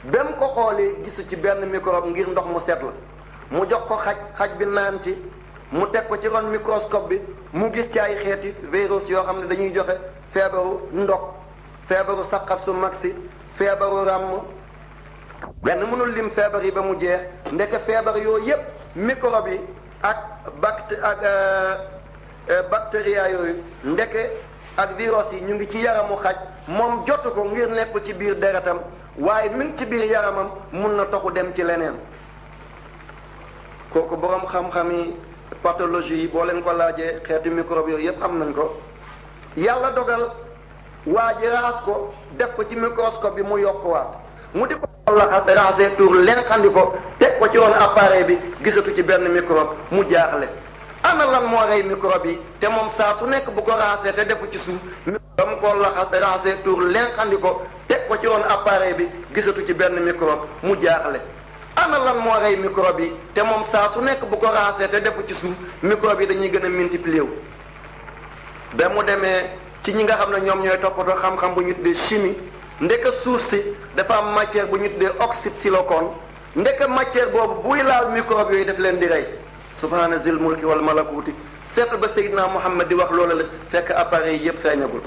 ba mu ko xoolee gisu ci benn microbe ngir ndox mu set la mu jox ko xaj xaj bi naan ci mu teg ko ci ron microscope bi mu gis ci ay xeeti virus yoo xam ne dañuy joxe feebaru ndox feebaru saqat su mag si feebaru ràmm benn mënul lim feebar yi ba mu jeex ndeke feebar yooyu yépp microbe yi ak bact ak euh, euh, bactéria yooyu ndeke ak virus yi ñu ngi ci yaramu xaj moom jot ko ngir nekk ci biir deretam waaye mi ngi ci biir yaramam mun na toxu dem ci leneen kooku boroom xam-xami pathologie yi boo leen ko laajee xeeti microbe yooyu yépp am nañ ko yàlla dogal waa ji raxas ko def ko ci microscope bi mu yokk waa mu di ko wallaxal raxasee tuur lenqandi ko teg ko ci woon appareil bi gisatu ci benn microbe mu jaaxle ana lan moo rey microbe te moom saa su nekk bu ko raxasee te defu ci suuf dam ko laxas raxasee tuur lenqandi ko teg ko ci woon appareil bi gisatu ci benn microbe mu jaaxle ana lan moo rey microbe yi te moom saa su nekk bu ko raxasee te defu ci suuf microbe yi dañuy gën a multiplier wu ba mu demee ci ñi nga xam ne ñoom ñooy toppatoo xam-xam bu ñu tuddee chimie ndeka suuf si dafa am matière bu ñu tuddee oxyde silokon ndeka matière boobu buy laal microbe yooyu def leen di rey subhaana zil mulki wal malakuuti seet ba Seydina Muhammad di wax loola la fekk appareil yëpp feeñagul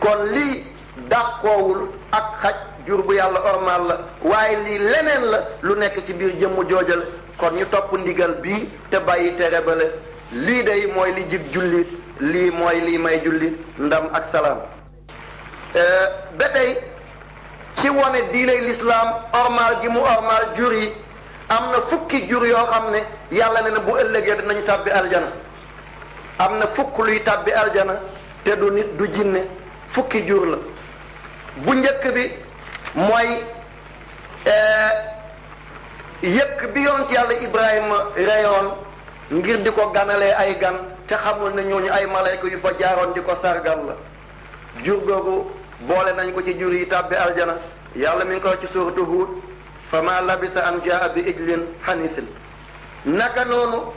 kon lii dàqoowul ak xaj jur bu yàlla ormal la waaye lii leneen la lu nekk ci biir jëmm joojale kon ñu topp ndigal bii te bàyyi tere bale lii day mooy li jig jullit lii mooy lii may jullit ndam ak salaam euh, ba tey ci wone diiney lislaam ormaal gi mu ormaal jur yi am na fukki jur yoo xam ne yàlla ne na bu ëllëgee dinañu tàbbi aljana am na fukk luy tàbbi aljana te du nit du jinne fukki jur la bu njëkk bi mooy eh, yëkk bi yoon ci yàlla Ibrahima reyoon ngir di ko ganalee ay gan te xamul ne ñooñu ay malayka yu fa jaaroon di ko sargal la jur googu boole nañ ko ci jur yi tàbbi aljana yàlla mi ngi ko ci suuratu Huud fama labisa an jaa bi ijlin hanisin naka noonu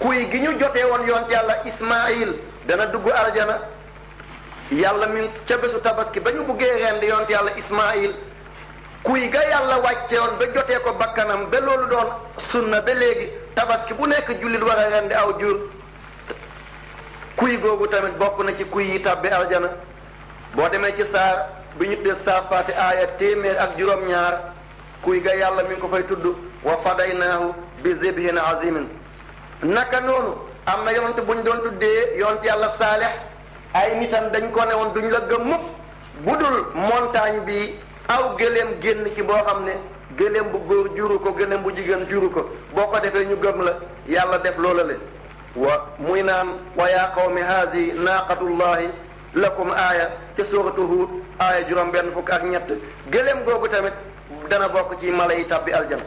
kuy gi ñu jotee woon yoon ci yàlla Ismaayil dana dugg aljana yàlla mi ca bésu tabaski ba ñu buggee rendi yoon ci yàlla Ismaayil kuy ga yàlla wàcce woon ba jotee ko bakkanam ba loolu doon sunna ba léegi tabaski bu nekk jullit war a rendi aw jur kuy googu tamit bokk na ci kuy yi tàbbi aljana boo demee ci saar bi ñu tuddee saar faati aaya téeméer ak juróom-ñaar kuy ga yàlla mi ngi ko fay tudd wa fadaynaahu bi zibhin azimin naka noonu am na yonent bu ñu doon tuddee yonent yàlla saaleh ay nitam dañ ko ne woon duñ la gëm mukk bu dul montagne bi aw gëléem génn ci boo xam ne gëléem bu góor juru ko gëléem bu jigéen juru ko boo ko defee ñu gëm la yàlla def loola le wa muy naan wa yaa qawmi haasi naaqatullahi lakum aaya ca suuratu Huud aaya juróom-benn fukk ak ñett gëléem googu tamit dana bokk ci mala yi tàbbi aljana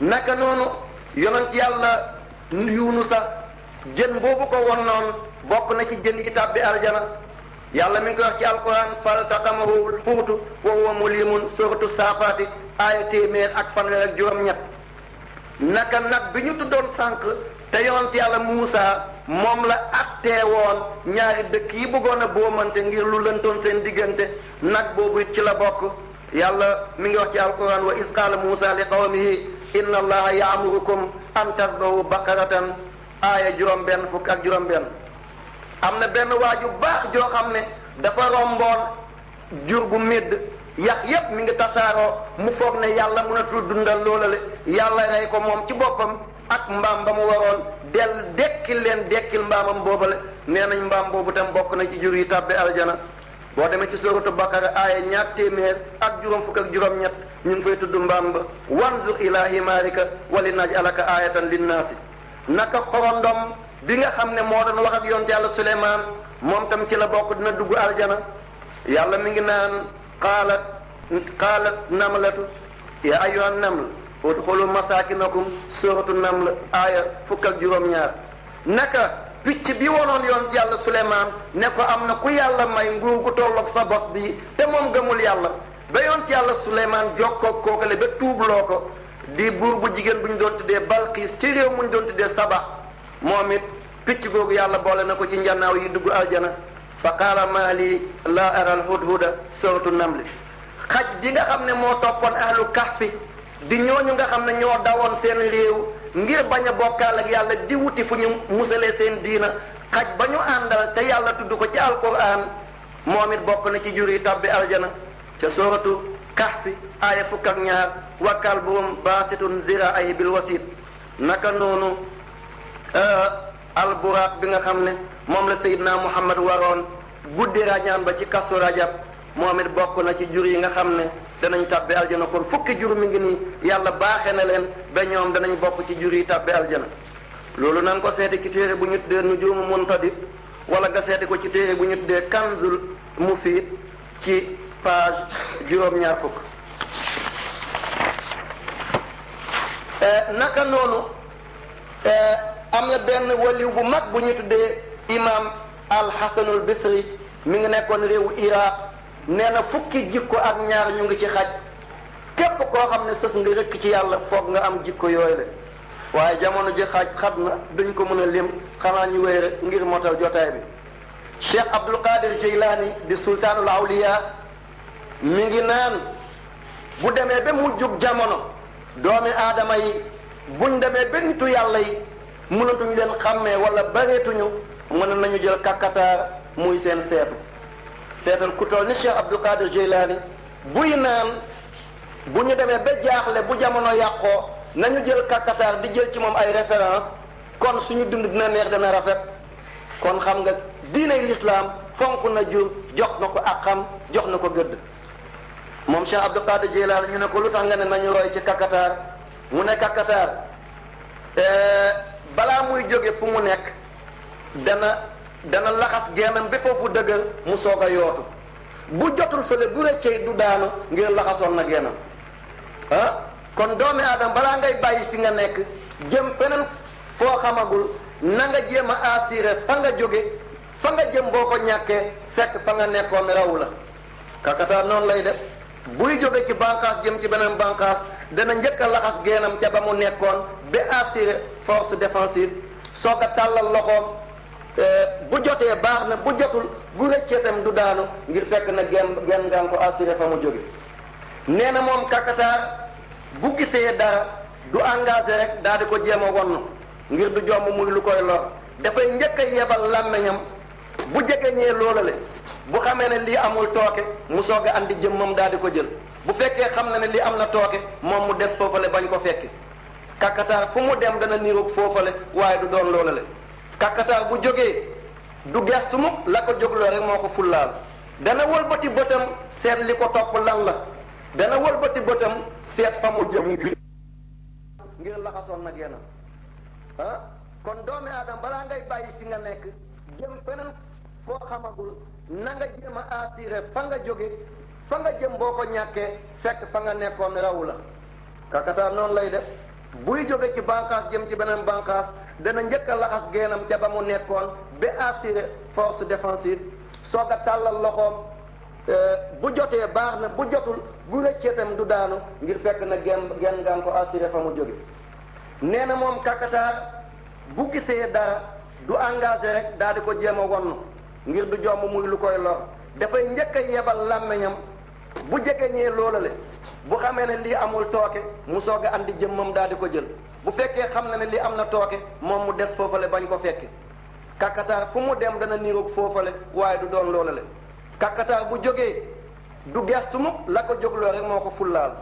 naka noonu yonent yàlla yuunusa jën boobu ko won noonu bokk na ci jën yi tàbbi aljana yàlla mi ngi koy wax ci alquran faltaqamahu lxuutu wa huwa mulimun suuratu saafaati aaya téeméer ak fanweer ak juróom-ñett naka nag bi ñu tuddoon sànq te yonent yàlla Muusa moom la attee ñaari dëkk yi bëggoon a boomante ngir lu lëntoon seen diggante nag boobu ci la bokk yàlla mi ngi wax ci alquran wa iz qaala muusa li qawmihi inna allaha yaamurukum an tasbahu baqaratan aaya juróom benn fukk ak juróom benn am na benn waaju baax joo xam ne dafa romboon jur bu médd yàq yépp mi ngi tasaaroo mu foog ne yàlla mënatul dundal loolale yàlla rey ko moom ci boppam ak mbaam ba mu waroon dell dekkil leen dekkil mbaamam boobale nee nañ mbaam boobu tam bokk na ci jur yi tàbbi aljana boo demee ci sóoratu Bakara aaya ñaar téeméer ak juróom fukk ak juróom-ñett ñu ngi fay tudd mbaam ba wanzur ila himaarika wali naj alaka aayatan linnaasi naka xorondom bi nga xam ne moo doon wax yoon yonte yàlla Suleymaan moom tam ci la bokk dina dugg aljana yàlla mi ngi naan qaalat qaalat namlatu ya ayyuhan naml udxulu masaakinakum suratu naml aaya fukk ak juróom-ñaar naka picc bi wonoon yoon ci yàlla Suleymaan ne ko am na ku yàlla may nguur gu tolloog sa bos bi te moom gëmul yàlla ba yoon ci yàlla Suleymaan jokkoo kookale ba tuubloo ko di buur bu jigéen bu ñu doon tuddee Balqiis ci réew mu ñu doon tuddee Saba moom it picc googu yàlla boole na ko ci njannaaw yi dugg aljana fa qaala maa lii laa aral hudhuda suratu naml xaj bi nga xam ne moo toppoon ahlu kahfi di ñooñu nga xam ne ñoo dawoon seen réew ngir bañ a bokkaal ak yàlla di wuti fu ñu musalee seen diina xaj ba ñu àndal te yàlla tudd ko ci alquran moom it bokk na ci jur yi tabbi aljana ca suratu kahfi aaya fukk ak ñaar wa kalbuhum baasitun ziraayi bil wasit naka noonu euh, alburaaq bi nga xam ne moom la sayidna muhammad waroon guddi rañaan ba ci kasu rajab moom it bokk na ci jur yi nga xam ne danañ tàbbi aljana kon fukki jur mi ngi nii yàlla baaxe na leen ba ñoom danañ bokk ci jur yi tàbbi aljana loolu nan ko seeti ci téere bu ñu tuddee nujuumu muntadib wala nga seeti ko ci téere bu ñu tuddee kanzul mufiid ci page juróom-ñaar fukk eh, naka noonu eh, am na benn waliw bu mag bu ñu tuddee imam al hasanul bisri mi ngi nekkoon réewu iraq nee na fukki jikko ak ñaar ñu ngi ci xaj képp koo xam ne sës nga rëkk ci yàlla foog nga am jikko yooyu la waaye jamono ji xaj xat na dañ ko mën a lim xanaa ñu wéy rek ngir motal jotaay bi Cheikh Abdul Qadir Jilani di sultaanul awliya mu ngi naan bu demee ba mujjug jamono doomi aadama yi buñ demee ba nitu yàlla yi mënatuñ leen xàmmee wala bareetuñu mën nañu jël kàkkataar muy seen seetu seetal ku toll ni Cheikh Abdul Qadir Jilani buy naan bu ñu demee ba jaaxle bu jamono yàqoo nañu jël kakataar di jël ci moom ay référence kon suñu dund dina neex dana rafet kon xam nga diiney lislaam fonk na jur jox na ko ak xam jox na ko gëdd moom Cheikh Abdul Qadir Jilani ñu ne ko lu tax ne nañu roy ci kakataar mu ne kakataar eh, balaa muy jóge fu mu nekk dana dana laxas gennam ba foofu dëgër mu soog a yootu bu jotul fële bu rëccee du daanu ngir laxasoon na gennam ah kon doomi aadama balaa ngay bàyyi fi nga nekk jëm feneen foo xamagul na nga jéem a assuré fa nga jóge fa nga jëm boo ko ñàkkee fekk fa nga nekkoon raw la kakataa noonu lay def buy jóge ci bànqaas jëm ci beneen bànqaas dana njëkk a laxas gennam ca ba mu nekkoon ba assuré force défensive soog a tàllal loxoom Eh, bu jotee baax na bu jotul bu rëccee du daanu ngir fekk na genn genn ngaan ko assuré fa mu jóge nee na moom kakataar bu gisee dara du engagé rek daal di ko jéem a wonn ngir du jomb muy lu koy lor dafay njëkk a yebal làmmiñam bu jegeñee loolale bu xamee na lii amul tooke mu soog a andi jëmmam daal di ko jël bu fekkee xam na ne lii am na tooke moom mu des foofale bañ ko fekki kakataar fu mu dem dana niroog foofale waaye du doon loolale kàkkataa bu jógee du gestu mukk la ko jógloo rek moo ko fullaal dana wëlbati bëtam seet li ko topp lan la dana wëlbati bëtam seet fa mu jëm ngir laxasoon na génn ah kon doomi aadama balaa ngay bàyyi fi nga nekk jëm feneen foo xamagul na nga jéem a assuré fa nga jóge fa nga jëm boo ko ñàkkee fekk fa nga nekkoon rawu la kakataa noonu lay def buy jóge ci bànqaas jëm ci beneen bànqaas dana njëkk a laxas geenam ca ba mu nekkoon ba assuré force défensive soog a tàllal loxoom euh, bu jotee baax na bu jotul bu rëccee du daanu ngir fekk na genn genn ngaan ko assuré fa mu jóge nee na moom kakataar bu gisee dara du engage rek daal di ko jéem a wonn ngir du jomb muy lu koy lor dafay njëkk a yebal làmmiñam bu jegeñee loolale bu xamee ne lii amul tooke mu soog a andi jëmmam daal di ko jël bu fekkee xam na ne li am na tooke moom mu des foofale bañ ko fekk kakataar fu mu dem dana niroog foofale waaye du doon loola le kakataar bu jógee du gestu mukk la ko jógloo rek moo ko fullaal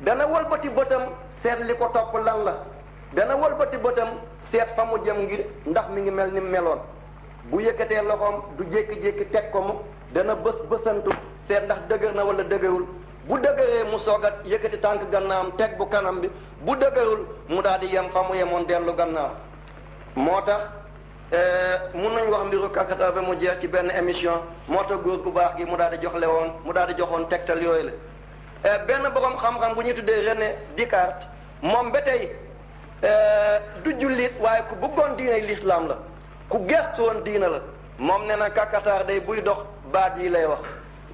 dana walbati bëtam seet li ko topp lan la dana walbati bëtam seet fa mu jëm ngir ndax mi ngi mel ni meloon bu yëkkatee loxoom du jékki-jékki teg ko mu dana bës bësantu seet ndax dëgër na wala dëgërul bu dëgëree mu soog a yëkkati tànk gannaam teg bu kanam bi bu dëgërul mu daal di yem fa mu yemoon dellu gannaaw moo tax euh, mun nañu wax mbiru kakata ba mu jeex ci benn émission moo tax góor gu baax gi mu daal di joxle woon mu daal di joxoon tegtal yooyu la euh, benn borom xam-xam bu ñu tuddee René Descartes moom ba tey euh, du jullit waaye ku bëggoon diine l'islam la ku gëstu woon diine la moom nee na kakataar day buy dox baat yi lay wax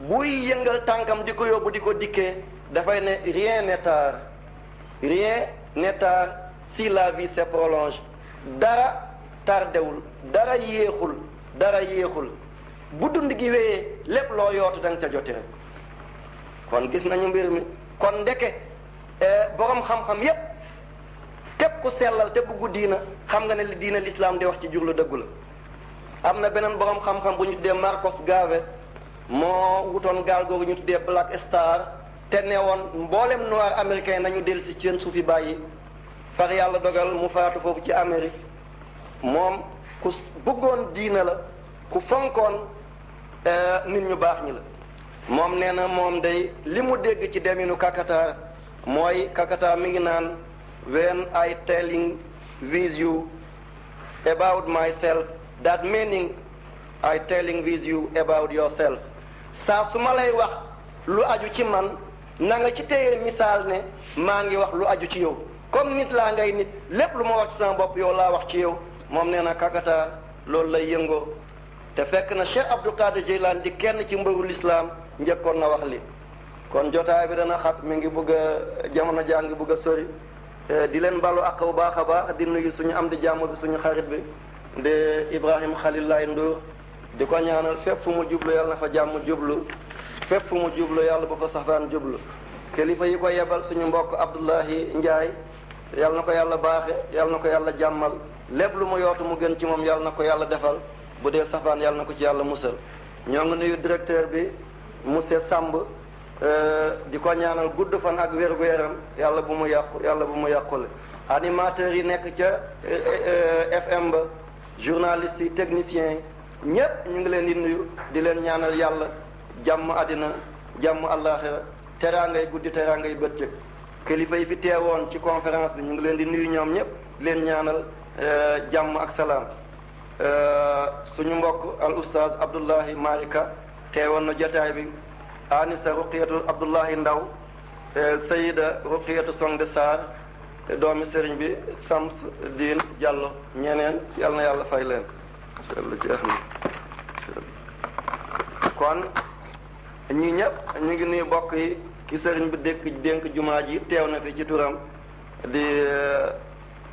buy yëngal tànkam di ko yóbbu di ko dikkee dafay ne rien n'est tard rien n'est si la vie se prolonge dara tardewul dara yéexul dara yéexul bu dund gi wéyee lépp loo yootu da nga ca joti kon gis nañu mbir mi kon ndeke e, borom xam-xam yépp képp ku sellal te bugg diina xam nga ne li diina l'islam di wax ci jur lu dëggu la am na beneen boroom xam-xam bu ñu tuddee Marcos Gave moo wutoon gaal googu ñu tuddee Black Star te ne woon mboolem noir américain nañu dellu ci seen suufi bàyyi far yàlla dogal mu faatu foofu ci Amérique moom ku bëggoon diina la ku fonkoon eh, nit ñu baax ñi la moom nee na moom day li mu dégg ci deminu Kakata mooy Kakata mi ngi naan when I telling with you about myself that meaning I telling with you about yourself saa su ma lay wax lu aju ci man na nga ci téye misaal ne maa ngi wax lu aju ci yow comme nit laa ngay nit lépp lu ma wax ci sama bopp yow laa wax ci yow moom nee na kakataar loolu lay yëngoo te fekk na Cheikh Abdou Qadir Jeylaan di kenn ci mbëru lislaam njëkkoon na wax li kon jotaay bi dana xat mi ngi bëgg a jamono jaa ngi bëgg a sori eh, di leen balu ak bu baax a baax di nuyu suñu am di jàmm bi suñu xarit bi de Ibrahima Khalil lay Ndour di ko ñaanal fépp fu mu jublu yàlla na jàmm jublu fépp fu mu jublu yàlla ba fa safaan jublu kilifa yi ko yebal suñu mbokk Abdullahi Njaay yàlla na ko yàlla baaxe yàlla na ko yàlla jàmmal lépp lu mu yootu mu gën ci moom yàlla na ko yàlla defal bu dee safaan yàlla na ko ci yàlla musal ñoo ngi nuyu directeur bi monsieur Samb euh, di ko ñaanal gudd fan ak wér-gu-yaram yàlla bu mu yàqu yàlla bu mu yàqule animateurs yi nekk ca euh, euh, FM ba journalistes yi techniciens yi ñépp ñu ngi leen di nuyu di leen ñaanal yàlla jàmm àddina jàmm àllaaxira teraangay guddi teraangay bëccëg kilifa yi fi teewoon ci conférence bi ñu ngi leen di nuyu ñoom ñépp leen ñaanal eh, jàmm ak salaam eh, suñu mbokk al ustaaz abdullahi marika teewoon na jotaay bi anisa ruqiyatu abdullahi ndaw eh, sayida ruqiyatu song de sarr doomi sëriñ bi sams diin jàllo ñeneen yal na yàlla fay leen kon ñi ñëpp ñu ngi nuyu bokk yi ki sëriñ bi dénk dénk jumaa ji teew na fi ci turam di eh,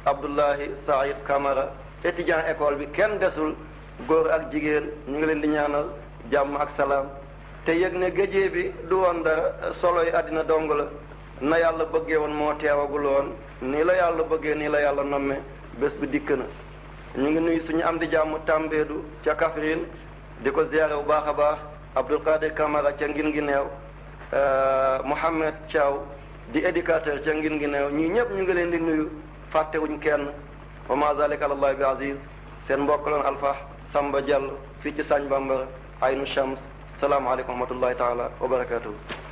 Abdullahi Saïd Kamara étudiant école bi kenn desul góor ak jigéen ñu ngi leen di ñaanal jàmm ak salaam te yëg ne géejee bi du woon solo yi àddina dong la na yàlla bëggee woon moo teewagul woon nii la yàlla bëggee nii la yàlla nomme bés bi dikk na ñu ngi nuyu suñu am di jàmm Tambédou ca Kaffrine di ko ziare bu baax a baax Abdul Qadir Camara ca ngin ngi neew euh, Mohamed Thiaw di éducateur ca ngin ngi neew ñii ñëpp ñu ngi leen di nuyu fàttewuñ kenn wa ma zalika alallahi bi aziz seen mbokk loon Alpha Samba Diallo fii ci Sagne Bambara aynu Shams salaamaaleykum wa rahmatullahi taala wa barakatuhu